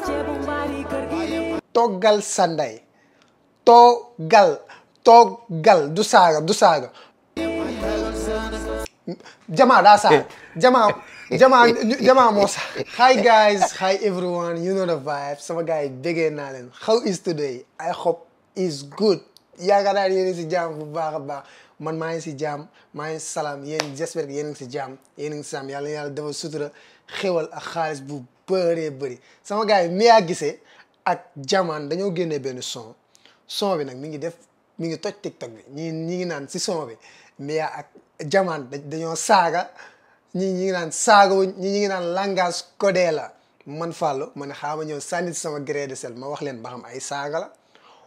toog toggal sa ndey toogal toogal du saaga du saaga Jama daa saaga Jama Jama Jama moo guys hi everyone you know the vibe sama gars yi déggee naa leen how is today I hope is good yaakaar naa yéen si jàmm bu baax baax man maa ngi si jaam maa salaam yéen j'espère que yéen ngi si jaam yéen ngi si salaam yàlla yàlla dafa sutura xéwal ak xaalis bu bëree bëri sama gars yi Mia Guissé ak Jaman dañoo génnee benn son son bi nag mi ngi def mi ngi toj TikTok bi ñi ñi ngi naan si son bi Mia ak Jaman dañoo saaga ñi ñi ngi naan saaga ñi ñi ngi naan langage codé la man Fallou man xaama ñëw sànni si sama gré de sel ma wax leen ba ay saaga la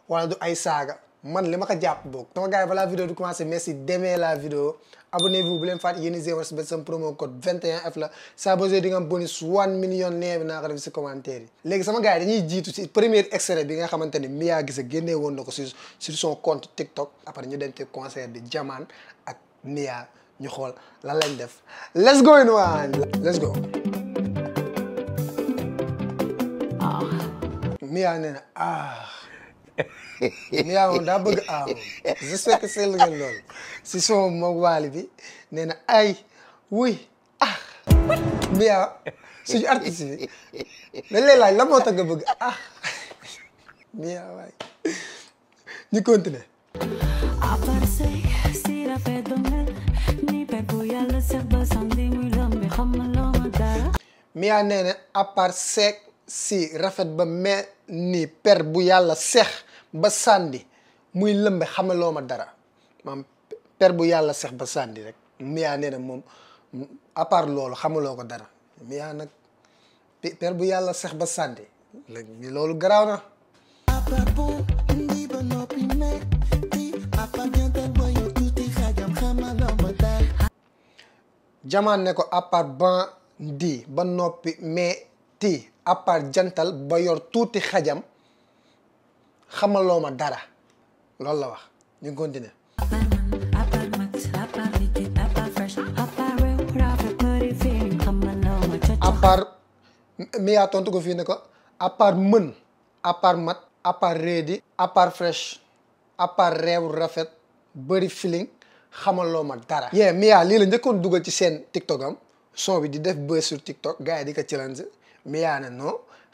wala du ay saaga man li ma ko jàpp boog sama gars yi balaa vidéo di commencé merci d'aimer la vidéo abonnez-vous bu leen fàtte yéen zéro respect sama promo code 21F la saa boo di nga am bonus 1 million nee bi naa ko def si commentaire yi léegi sama gars dañuy jiitu si premier extrait bi nga xamante ni Mia Guissé woon na ko sur sur son compte TikTok après ñu dem ci concert bi Jaman ak Mia ñu xool la lañ def let's go in one let's go ah. Mia ah. Mia moom daa bëgg aaw je sais que seetlu ngeen loolu si son moom waali bi nee na ay wuy ah Mia suñu artiste bi dañ lay laaj la moo tax nga bëgg ah Mia waay ñu continuer Mia nee na à part seek si rafet ba mel ni per bu yàlla seex ba sàndi muy lëmbe xamaloo ma dara maam per bu yàlla sax ba sàndi rek miyaa na moom à part loolu xamaloo ko dara miyaa nag bu yàlla sax ba sàndi loolu garaaw na jamaan ne ko à part di ba noppi mais ti à jantal ba yor tuuti xajam xamaloo ma dara loolu la wax ñu ngi continuer à part yaa tontu ko fii ne ko à part mën à mat à part ready à part fresh à part réew rafet bëri feeling xamaloo ma dara yee Mia lii la njëkkoon dugal ci seen TikTok am bi di def buzz sur TikTok gars yi di ko challenge Mia ne non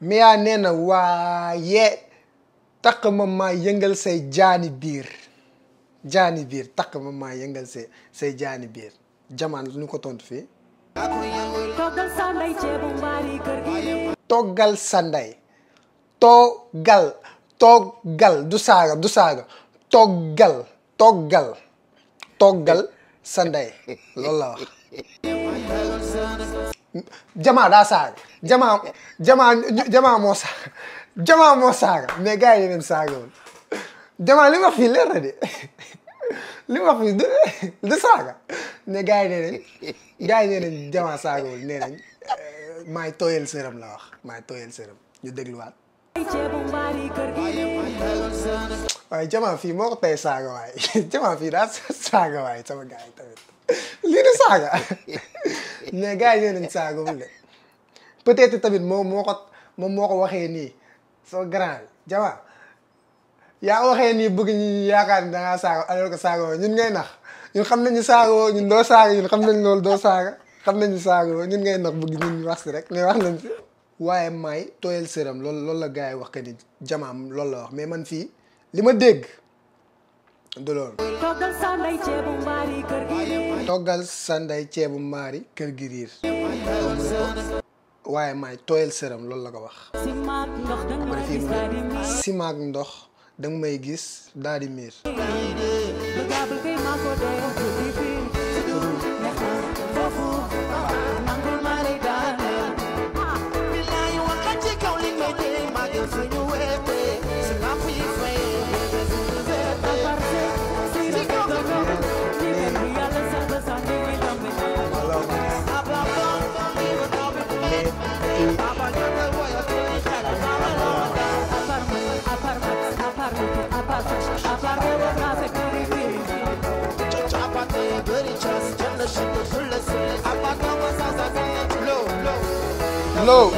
Mia nee na waaye takk ma maa yëngal say jaani biir jaani biir takk ma maa yëngal say jaani biir jamaan lu ñu ko tontu fii. toggal sanday toggal toggal du saaga du saaga toggal toggal toggal sanday loolu la wax jamaa daa saaga jamaa jamaa jamaa moo saaga jamaa moo saaga mais gars yi leen saagawul jamaa li ma fi leer na saaga euh, ñu dégluwaat waaye jamaa fii moo ko tey saaga daa saaga waay lii du saaga negainen saagumle peut-être tamit moom moo ko moom moo ko waxee nii soo grand jama yaa ko waxee nii bëgg ñu yaakaar ni dangaa saago alors que saago ñun ngay nax ñun xam nañu saago ñun doo saaga ñun xam nañ loolu doo saaga xam nañu saago ñun ngay nax bëgg ñun wax si rek mais wax nañ si waaye may tooyal sëram loolu loolu la gars yi wax que ni jamaam loolu la wax mais man fii li ma du loolu. toggal sanday ceebu mbaari kër gi riir. kër gi riir. waaye may tooyal sëram loolu la ko wax. simaak ndox danga may gis daal miir. loo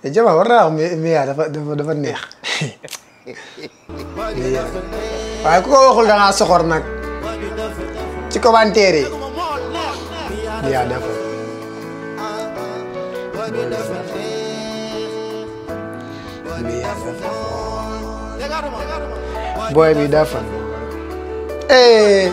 eh, jabar war naa wax Mia dafa dafa neex waaye ku waxul da ngaa soxor nag ci commentaire yi Mia dafa dafa booy bi dafa eh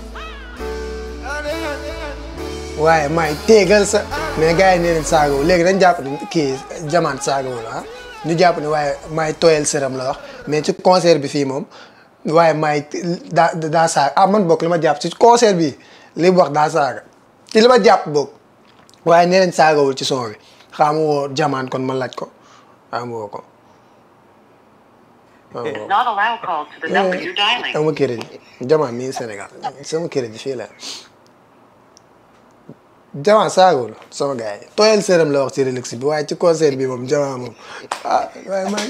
waaye maay tegal sa mais gars yi nee nañ saagawu léegi dañ jàpp ne kii jamaan saagawu la ñu jàpp ne waaye maay tooyal sëram la wax mais ci concert bi fii moom waaye maay daa daa saaga ah man bokk li ma jàpp ci concert bi li mu wax daa saaga ci li ma jàpp bokk waaye nee nañ saagawul ci son bi xaamu woo jamaan kon ma laaj ko xaamu woo ko eh, sama kër ji jamaan mi Sénégal sama ji fii la jamaa saagul sama gars yi tooyal seeram la wax ci relax bi waaye ci concert bi moom jamaa moom ah waaye man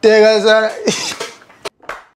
teegal sa